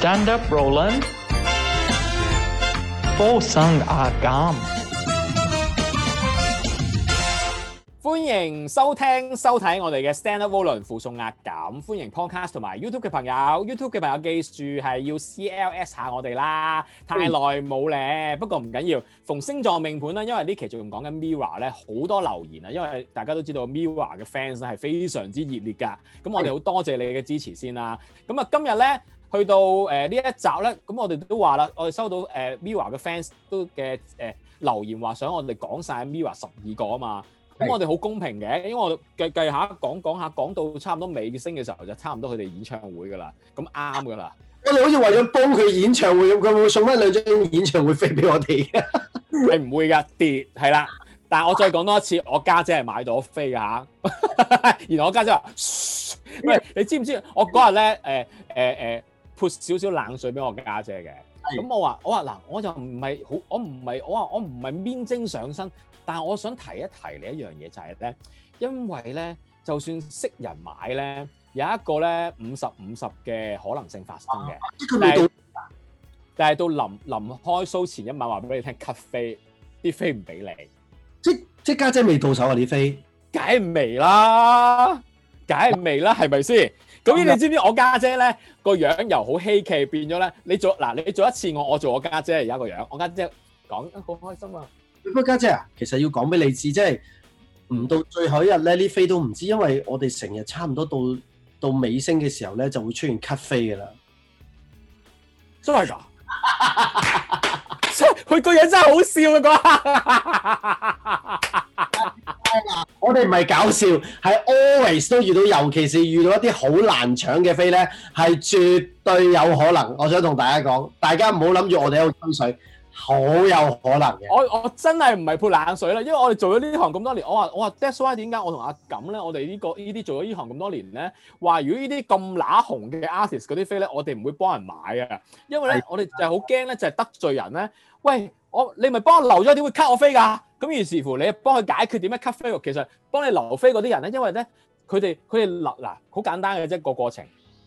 Stand Up Roland，附送壓減。歡迎收聽收睇我哋嘅 Stand Up Roland 附送壓減。歡迎 Podcast 同埋 YouTube 嘅朋友，YouTube 嘅朋友記住係要 CLS 下我哋啦。太耐冇咧，不過唔緊要。逢星座命盤啦，因為呢期仲用講緊 Mirror 咧，好多留言啊。因為大家都知道 Mirror 嘅 fans 係非常之熱烈噶，咁我哋好多謝你嘅支持先啦。咁啊，今日咧～去到誒呢一集咧，咁我哋都話啦，我哋收到誒 MIRROR 嘅 fans 都嘅誒留言話想我哋講晒 MIRROR 十二個啊嘛，咁我哋好公平嘅，因為我哋計計下講講下講到差唔多尾聲嘅時候就差唔多佢哋演唱會噶啦，咁啱噶啦。我哋好似為咗幫佢演唱會，佢會送翻兩張演唱會飛俾我哋。係唔會噶跌，係啦，但係我再講多一次，我家姐係買咗飛噶嚇。原、啊、來我家姐話，喂你知唔知？我嗰日咧誒誒誒。呃呃呃潑少少冷水俾我家姐嘅，咁我話我話嗱，我就唔係好，我唔係我話我唔係面精上身，但係我想提一提你一樣嘢，就係咧，因為咧，就算識人買咧，有一個咧五十五十嘅可能性發生嘅，但係但係到臨臨開 show 前一晚話俾你聽，咖啡啲飛唔俾你，即即家姐未到手啊啲飛，梗係未啦，梗係未啦，係咪先？總之，你知唔知我家姐咧個樣由好稀奇變咗咧？你做嗱你做一次我，我做我家姐而家個樣，我家姐講得好、啊、開心啊！不過家姐啊，其實要講俾你知，即係唔到最後一日咧，啲飛都唔知，因為我哋成日差唔多到到尾聲嘅時候咧，就會出現 cut 飛噶啦。真係噶？佢 個樣真係好笑啊！嗰下。我哋唔係搞笑，係 always 都遇到，尤其是遇到一啲好難搶嘅飛咧，係絕對有可能。我想同大家講，大家唔好諗住我哋喺度吹水，好有可能嘅。我我真係唔係潑冷水啦，因為我哋做咗呢行咁多年，我話我話 That's why，點解我同阿錦咧，我哋呢、這個呢啲做咗呢行咁多年咧，話如果呢啲咁乸紅嘅 artist 嗰啲飛咧，我哋唔會幫人買嘅，因為咧的我哋就係好驚咧就係得罪人咧。喂，我你咪幫我留咗，點會 cut 我飛㗎？咁於是乎，你幫佢解決點樣 cut 飛？其實幫你留飛嗰啲人咧，因為咧佢哋佢哋立嗱好簡單嘅啫，個過程。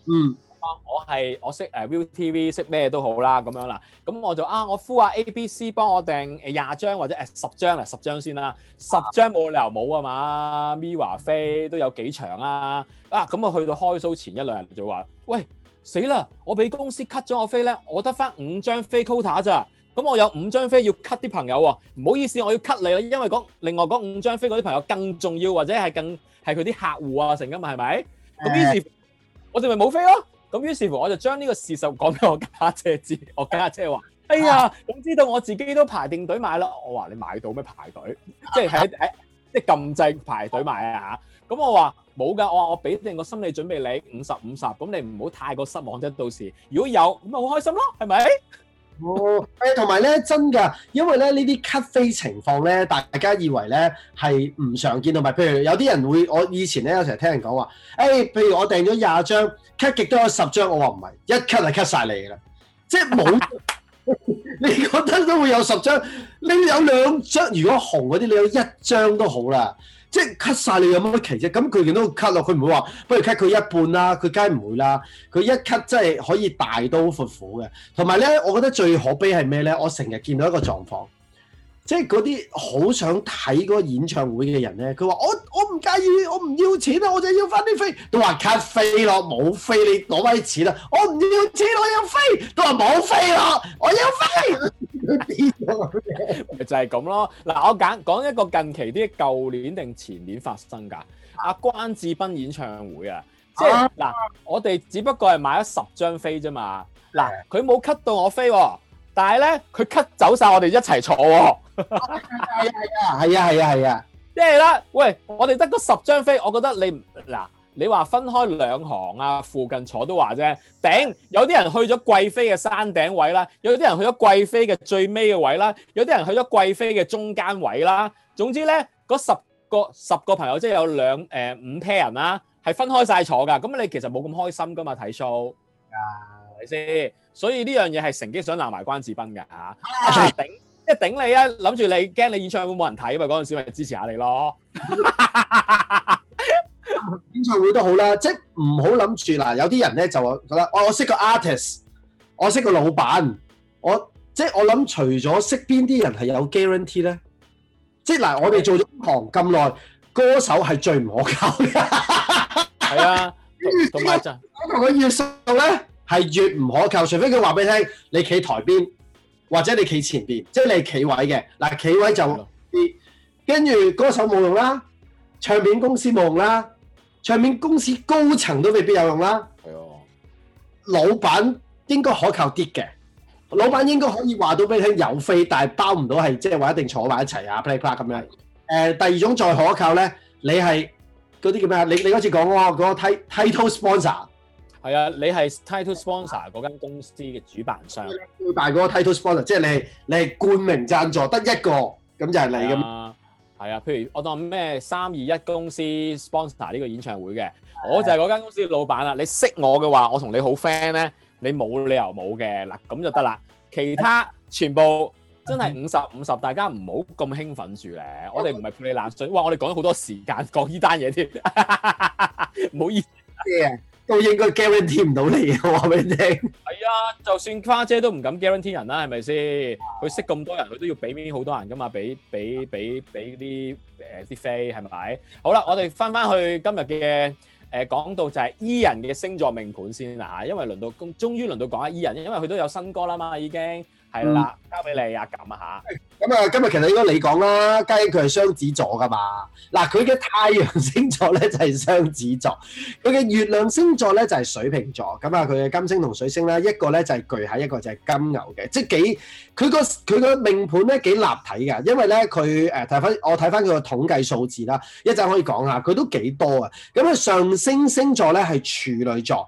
嗯，啊、我係我識誒 ViuTV 識咩都好啦，咁樣啦。咁我就啊，我呼下 A B C，幫我訂誒廿張或者誒十、啊、張啦，十張先啦。十張冇理由冇啊嘛，Mirror 飛都有幾場啊？啊咁啊，去到開 show 前一兩日就話：喂死啦！我俾公司 cut 咗我飛咧，我得翻五張飛 quota 咋？咁我有五張飛要 cut 啲朋友喎、啊，唔好意思，我要 cut 你啦，因為講另外講五張飛嗰啲朋友更重要，或者係更係佢啲客戶啊，成噶嘛，係咪、嗯？咁於是我哋咪冇飛咯。咁於是乎，我就將呢、啊、個事實講俾我家姐知。我家姐話：哎呀，咁、啊、知道我自己都排定隊買咯。我話你買到咩排隊？啊、即係喺喺即係禁制排隊買啊吓。咁我話冇噶，我話我俾定個心理準備你五十五十，咁你唔好太過失望啫。到時如果有咁咪好開心咯，係咪？哦，誒同埋咧真㗎，因為咧呢啲 cut 飛情況咧，大家以為咧係唔常見，到咪。譬如有啲人會，我以前咧有時聽人講話，誒、欸、譬如我訂咗廿張 cut 極都有十張，我話唔係，一 cut 就 cut 曬你㗎啦，即係冇 你覺得都會有十張，你有兩張，如果紅嗰啲你有一張都好啦。即係 cut 曬你有乜奇啫？咁佢亦都 cut 落，佢唔會話不如 cut 佢一半啦，佢梗係唔會啦。佢一 cut 真係可以大刀闊斧嘅。同埋咧，我覺得最可悲係咩咧？我成日見到一個狀況。即係嗰啲好想睇嗰個演唱會嘅人咧，佢話：我我唔介意，我唔要錢啦、啊，我就要翻啲飛。都話 cut 飛咯，冇飛你攞咩錢啊？我唔要錢，我要飛。都話冇飛咯，我要飛。就係咁咯。嗱，我講講一個近期啲舊年定前年發生㗎，阿關智斌演唱會啊。即係嗱、啊，我哋只不過係買咗十張飛啫嘛。嗱，佢冇 cut 到我飛、啊。但係咧，佢 cut 走晒我哋一齊坐喎、哦。係啊係啊係啊係啊係啊，即係啦。喂，我哋得嗰十張飛，我覺得你嗱，你話分開兩行啊，附近坐都話啫。頂，有啲人去咗貴妃嘅山頂位啦，有啲人去咗貴妃嘅最尾嘅位啦，有啲人去咗貴妃嘅中間位啦。總之咧，嗰十個十個朋友即係有兩誒、呃、五 pair 人啦，係分開晒坐噶。咁你其實冇咁開心噶嘛？睇 show。啊係先，所以呢樣嘢係成機想鬧埋關智斌嘅吓，頂即係頂你啊！諗住你驚你演唱會冇人睇嘛？嗰陣時咪支持下你咯。演唱會都好啦，即係唔好諗住嗱，有啲人咧就覺得我我識個 artist，我識個老闆，我即係我諗除咗識邊啲人係有 guarantee 咧，即係嗱，我哋做咗行咁耐，歌手係最唔可靠嘅，係啊，同埋就我同佢約數咧。係越唔可靠，除非佢話俾你聽，你企台邊或者你企前邊，即係你企位嘅嗱，企位就啲跟住歌手冇用啦，唱片公司冇用啦，唱片公司高層都未必有用啦。係哦、哎呦，老闆應該可靠啲嘅，老闆應該可以話到俾你聽有飛，但係包唔到係即係話一定坐埋一齊啊，p l a y play 咁樣。誒、呃，第二種再可靠咧，你係嗰啲叫咩啊？你你嗰次講嗰、那個嗰個 title sponsor。係啊，你係 title sponsor 嗰間公司嘅主辦商，大嗰個 title sponsor，即係你你係冠名贊助，得一個咁就係你㗎嘛。係啊，啊，譬如我當咩三二一公司 sponsor 呢個演唱會嘅，啊、我就係嗰間公司嘅老闆啦。你識我嘅話，我同你好 friend 咧，你冇理由冇嘅嗱，咁就得啦。其他全部真係五十五十，大家唔好咁興奮住咧。嗯、我哋唔係潑你冷水，哇！我哋講咗好多時間講呢單嘢添，唔 好意思。都應該 guarantee 唔到你，我話俾你聽。係啊，就算花姐都唔敢 guarantee 人啦，係咪先？佢識咁多人，佢都要俾面好多人噶嘛，俾俾俾俾啲誒啲飛係咪？好啦，我哋翻翻去今日嘅誒講到就係 E 人嘅星座命盤先啦嚇，因為輪到公，終於輪到講下 E 人，因為佢都有新歌啦嘛，已經係啦，嗯、交俾你啊，撳一下。 咁啊，今日其實應該你講啦，梗係佢係雙子座㗎嘛。嗱，佢嘅太陽星座咧就係雙子座，佢嘅月亮星座咧就係水瓶座。咁啊，佢嘅金星同水星咧，一個咧就係巨蟹，一個就係金牛嘅。即係幾，佢個佢個命盤咧幾立體㗎，因為咧佢誒睇翻我睇翻佢個統計數字啦，一陣可以講下，佢都幾多啊。咁啊，上升星座咧係處女座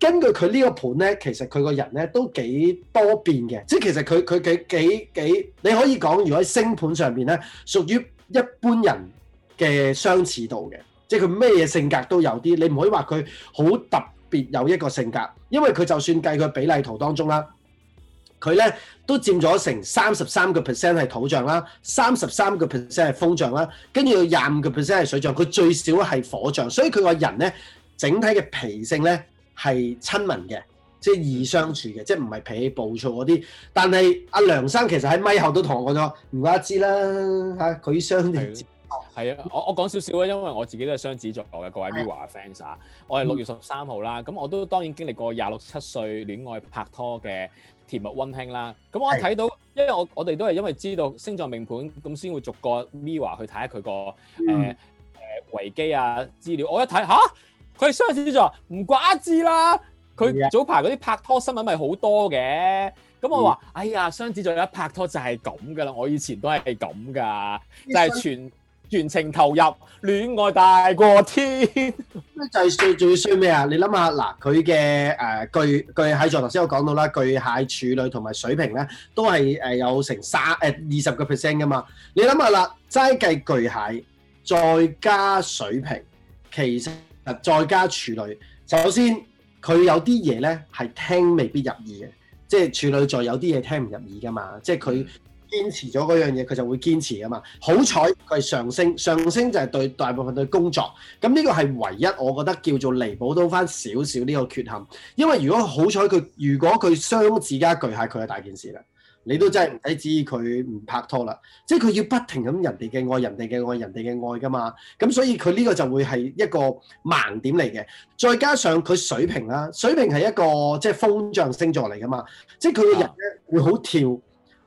根據佢呢個盤咧，其實佢個人咧都幾多變嘅，即係其實佢佢佢幾幾你可以講，如果喺星盤上面咧，屬於一般人嘅相似度嘅，即係佢咩性格都有啲，你唔可以話佢好特別有一個性格，因為佢就算計佢比例圖當中啦，佢咧都佔咗成三十三個 percent 係土象啦，三十三個 percent 係風象啦，跟住有廿五個 percent 係水象，佢最少係火象，所以佢個人咧整體嘅脾性咧，係親民嘅，即係易相處嘅，即係唔係脾氣暴躁嗰啲。但係阿梁生其實喺咪後都同我講咗，唔怪得之啦，佢雙子座係啊，我我講少少啊，因為我自己都係雙子座嘅，各位 MIRROR Fans 啊的，我係六月十三號啦，咁、嗯、我都當然經歷過廿六七歲戀愛拍拖嘅甜蜜溫馨啦。咁我一睇到，的因為我我哋都係因為知道星座命盤，咁先會逐個 MIRROR 去睇下佢個誒誒維基啊資料。我一睇嚇。啊啊啊佢雙子座唔怪之啦。佢早排嗰啲拍拖新聞咪好多嘅。咁我話：哎呀，雙子座一拍拖就係咁噶啦。我以前都係咁噶，就係、是、全全情投入，戀愛大過天。咩最衰最衰咩啊？你諗下嗱，佢嘅誒巨巨蟹座頭先我講到啦，巨蟹處女同埋水瓶咧都係誒、呃、有成三誒二十個 percent 噶嘛。你諗下啦，齋計巨蟹再加水瓶。其實～再加處女，首先佢有啲嘢咧係聽未必入耳嘅，即係處女座有啲嘢聽唔入耳噶嘛，即係佢堅持咗嗰樣嘢，佢就會堅持噶嘛。好彩佢係上升，上升就係對大部分對工作，咁呢個係唯一我覺得叫做彌補到翻少少呢個缺陷，因為如果好彩佢，如果佢雙子加巨蟹，佢係大件事啦。你都真係唔使指意佢唔拍拖啦，即係佢要不停咁人哋嘅愛，人哋嘅愛，人哋嘅愛㗎嘛。咁所以佢呢個就會係一個盲點嚟嘅。再加上佢水瓶啦，水瓶係一個即係風象星座嚟㗎嘛。即係佢個人咧會好跳，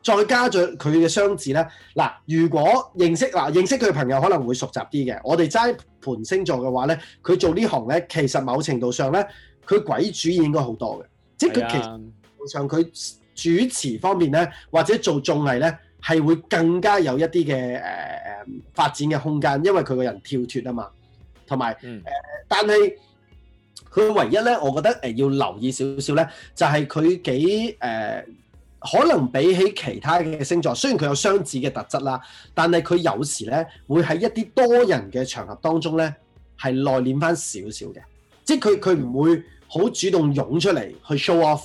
再加上佢嘅雙子咧。嗱，如果認識嗱認識佢嘅朋友可能會熟習啲嘅。我哋齋盤星座嘅話咧，佢做行呢行咧，其實某程度上咧，佢鬼主意應該好多嘅。即係佢其實上佢、哎。主持方面咧，或者做綜藝咧，係會更加有一啲嘅誒誒發展嘅空間，因為佢個人跳脱啊嘛。同埋誒，但係佢唯一咧，我覺得誒要留意少少咧，就係、是、佢幾誒、呃、可能比起其他嘅星座，雖然佢有雙子嘅特質啦，但係佢有時咧會喺一啲多人嘅場合當中咧係內斂翻少少嘅，即係佢佢唔會好主動湧出嚟去 show off。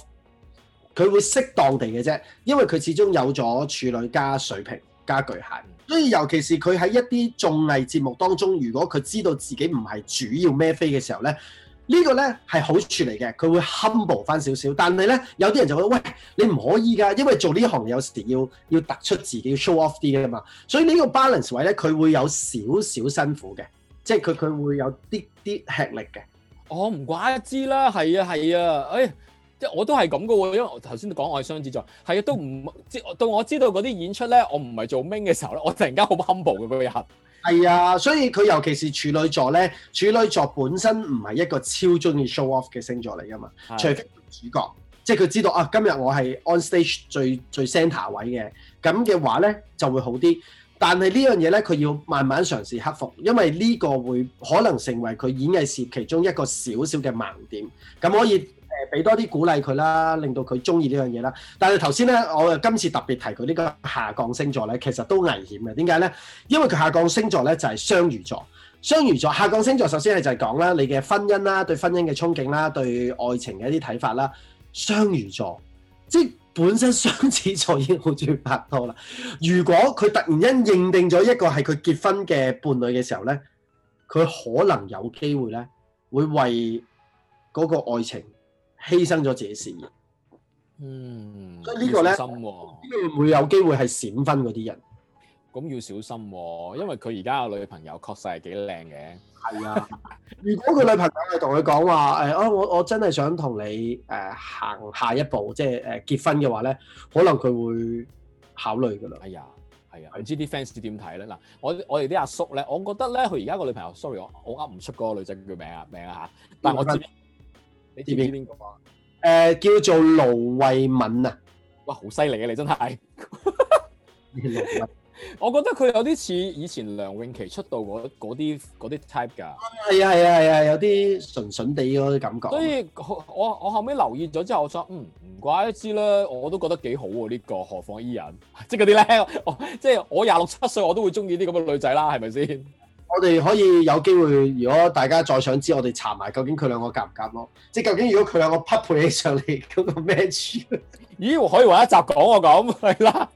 佢會適當地嘅啫，因為佢始終有咗處女加水瓶加巨蟹，所以尤其是佢喺一啲綜藝節目當中，如果佢知道自己唔係主要孭飛嘅時候咧，這個、呢個咧係好處嚟嘅，佢會 humble 翻少少。但係咧，有啲人就覺得喂，你唔可以㗎，因為做呢行有時要要突出自己，show off 啲㗎嘛。所以呢個 balance 位咧，佢會有少少辛苦嘅，即係佢佢會有啲啲吃力嘅。我唔、哦、怪一知啦，係啊係啊，啊，哎。即我都係咁噶喎，因為我頭先講我係雙子座係啊，都唔知到我知道嗰啲演出咧，我唔係做 main 嘅時候咧，我突然間好 humble 嘅嗰日。係啊，所以佢尤其是處女座咧，處女座本身唔係一個超中意 show off 嘅星座嚟噶嘛，的除非主角，即係佢知道啊，今日我係 on stage 最最 center 位嘅，咁嘅話咧就會好啲。但係呢樣嘢咧，佢要慢慢嘗試克服，因為呢個會可能成為佢演藝事業其中一個小小嘅盲點。咁可以。俾多啲鼓勵佢啦，令到佢中意呢樣嘢啦。但係頭先咧，我又今次特別提佢呢個下降星座咧，其實都危險嘅。點解咧？因為佢下降星座咧就係雙魚座。雙魚座下降星座首先係就係講啦，你嘅婚姻啦，對婚姻嘅憧憬啦，對愛情嘅一啲睇法啦。雙魚座即本身雙子座已經好中意拍拖啦。如果佢突然間認定咗一個係佢結婚嘅伴侶嘅時候咧，佢可能有機會咧會為嗰個愛情。犧牲咗自己事業，嗯，所以呢個咧，呢個、啊、會有機會係閃婚嗰啲人，咁要小心喎、啊，因為佢而家個女朋友確實係幾靚嘅。係啊，如果佢女朋友係同佢講話，誒，哦，我我真係想同你誒、呃、行下一步，即係誒結婚嘅話咧，可能佢會考慮噶啦。哎呀，係啊，你知啲 fans 點睇咧？嗱，我我哋啲阿叔咧，我覺得咧，佢而家個女朋友，sorry 我我噏唔出嗰個女仔叫咩啊名啊嚇，但係我知你知唔知邊個啊？誒、呃，叫做盧慧敏啊！哇，好犀利啊！你真係， 我覺得佢有啲似以前梁詠琪出道嗰啲啲 type 㗎。係啊係啊係啊，啊，啊，啊，啊，有啲純純哋嗰啲感覺。所以我我後尾留意咗之後，我想嗯唔怪得知啦，我都覺得幾好喎、啊、呢、呢個，何況 Ian，即係嗰啲咧，即 係我廿六七歲我都會中意啲咁嘅女仔啦，係咪先？ 我哋可以有機會，如果大家再想知，我哋查埋究竟佢兩個夾唔夾咯？即係究竟如果佢兩個匹配起上嚟嗰個 match 咦？我可以話一集講我講係啦，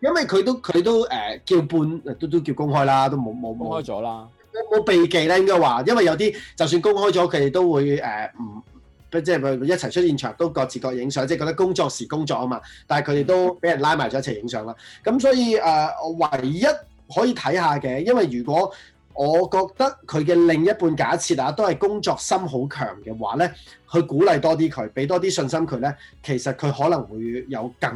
因為佢都佢都誒、呃、叫半，都都叫公開啦，都冇冇公開咗啦。有冇避忌咧？應該話，因為有啲就算公開咗，佢哋都會誒唔、呃、即係佢一齊出現場都各自各影相，即係覺得工作時工作啊嘛。但係佢哋都俾人拉埋咗一齊影相啦。咁所以誒，呃、我唯一可以睇下嘅，因為如果我覺得佢嘅另一半假設啊，都係工作心好強嘅話呢，去鼓勵多啲佢，俾多啲信心佢呢，其實佢可能會有更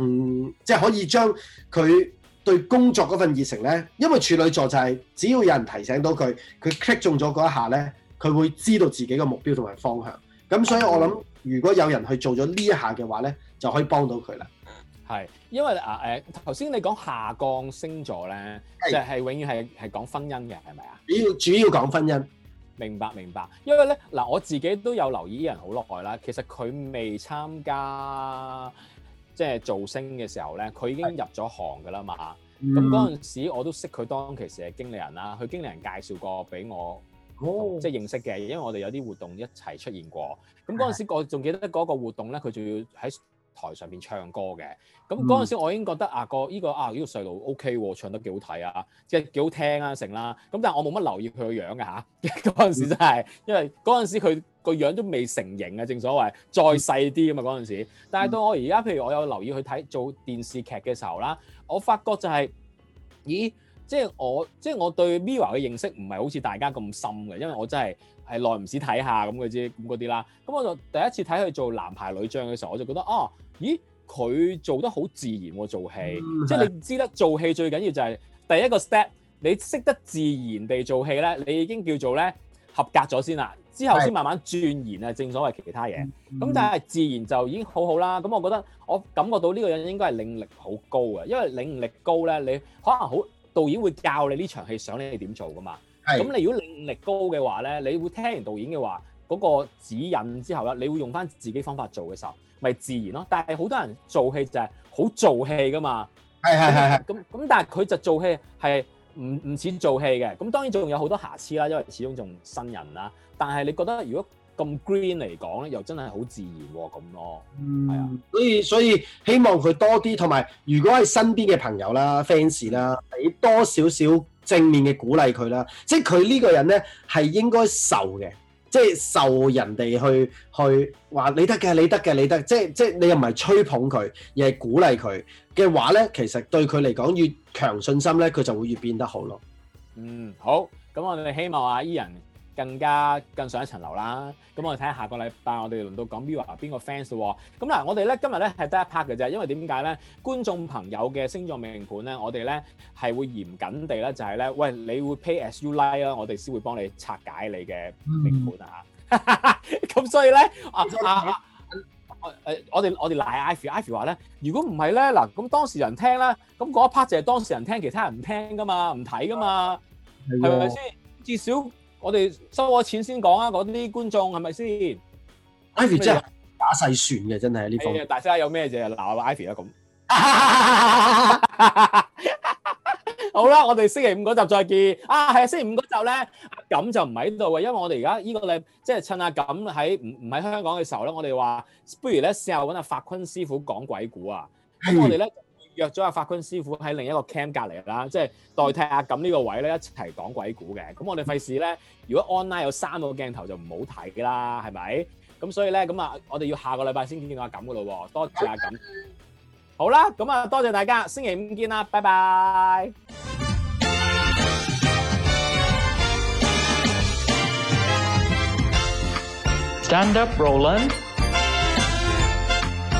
即係可以將佢對工作嗰份熱誠呢，因為處女座就係只要有人提醒到佢，佢 click 中咗嗰一下呢，佢會知道自己嘅目標同埋方向。咁所以我諗，如果有人去做咗呢一下嘅話呢就可以幫到佢啦。係，因為啊誒，頭、呃、先你講下降星座咧，是就係永遠係係講婚姻嘅，係咪啊？主要主要講婚姻，明白明白。因為咧嗱，我自己都有留意啲人好耐啦。其實佢未參加即係造星嘅時候咧，佢已經入咗行噶啦嘛。咁嗰陣時我都識佢，當其時係經理人啦，佢經理人介紹過俾我，哦、即係認識嘅。因為我哋有啲活動一齊出現過。咁嗰陣時我仲記得嗰個活動咧，佢仲要喺。台上面唱歌嘅，咁嗰陣時我已經覺得啊、呢個呢、啊呢個、OK、啊呢個細路 O K 喎，唱得幾好睇啊，即係幾好聽啊，成啦，咁但係我冇乜留意佢個樣㗎吓，嗰、啊、陣 時真、就、係、是，因為嗰陣時佢個樣都未成形啊，正所謂再細啲啊嘛嗰陣時，但係到我而家，譬如我有留意去睇做電視劇嘅時候啦，我發覺就係、是，咦？即係我即係我對 MIRROR 嘅認識唔係好似大家咁深嘅，因為我真係係耐唔時睇下咁嘅咁啲啦。咁我就第一次睇佢做男排女將嘅時候，我就覺得哦、啊，咦，佢做得好自然喎、啊，做戲、嗯、即係你唔知得做戲最緊要就係、是、第一個 step，你識得自然地做戲咧，你已經叫做咧合格咗先啦。之後先慢慢鑽研啊，是正所謂其他嘢咁，嗯嗯、但係自然就已經好好啦。咁我覺得我感覺到呢個人應該係領力好高嘅，因為領力高咧，你可能好。導演會教你呢場戲想你點做噶嘛，咁你係如果能力高嘅話咧，你會聽完導演嘅話嗰個指引之後啦，你會用翻自己方法做嘅時候，咪自然咯。但係好多人做戲就係好做戲噶嘛，係係係係，咁咁但係佢就做戲係唔唔似做戲嘅，咁當然仲有好多瑕疵啦，因為始終仲新人啦。但係你覺得如果？咁 green 嚟講咧，又真係好自然喎，咁咯，係啊，嗯、啊所以所以希望佢多啲，同埋如果係身邊嘅朋友啦、fans 啦，俾多少少正面嘅鼓勵佢啦，即係佢呢個人咧係應該受嘅，即係受人哋去去話你得嘅，你得嘅，你得，即係即係你又唔係吹捧佢，而係鼓勵佢嘅話咧，其實對佢嚟講越強信心咧，佢就會越變得好咯。嗯，好，咁我哋希望啊 Ian。更加更上一層樓啦！咁、啊、我哋睇下下個禮拜，我哋輪到講 VUA 邊個 fans 喎、啊？咁、啊、嗱，我哋咧今日咧係得一 part 嘅啫，因為點解咧？觀眾朋友嘅星座命盤咧，我哋咧係會嚴謹地咧，就係、是、咧，喂，你會 pay as you like 啦，我哋先會幫你拆解你嘅命盤啊！咁、嗯 啊、所以咧，啊啊、啊、啊、啊我哋我哋賴 Ivy，Ivy 話咧，如果唔係咧嗱，咁當事人聽啦，咁嗰一 part 就係當事人聽，其他人唔聽噶嘛，唔睇噶嘛，係咪先？吧至少。我哋收咗錢先講、哎、啊！嗰啲觀眾係咪先？Ivy 真係打細算嘅，真係呢方面。大家有咩啫？鬧下 Ivy 啊咁。好啦，我哋星期五嗰集再見。啊，係啊，星期五嗰集咧，錦就唔喺度嘅，因為我哋而家呢個禮，即係趁阿錦喺唔唔喺香港嘅時候咧，我哋話不如咧試下揾阿發坤師傅講鬼故啊。咁的我哋咧。約咗阿法官師傅喺另一個 cam 隔離啦，即係代替阿錦呢個位咧一齊講鬼故嘅。咁我哋費事咧，如果 online 有三個鏡頭就唔好睇啦，係咪？咁所以咧，咁啊，我哋要下個禮拜先見到阿錦噶咯喎。多謝阿錦。好啦，咁啊，多謝大家，星期五見啦，拜拜。Stand up, Roland.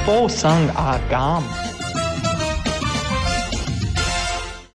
放生阿錦。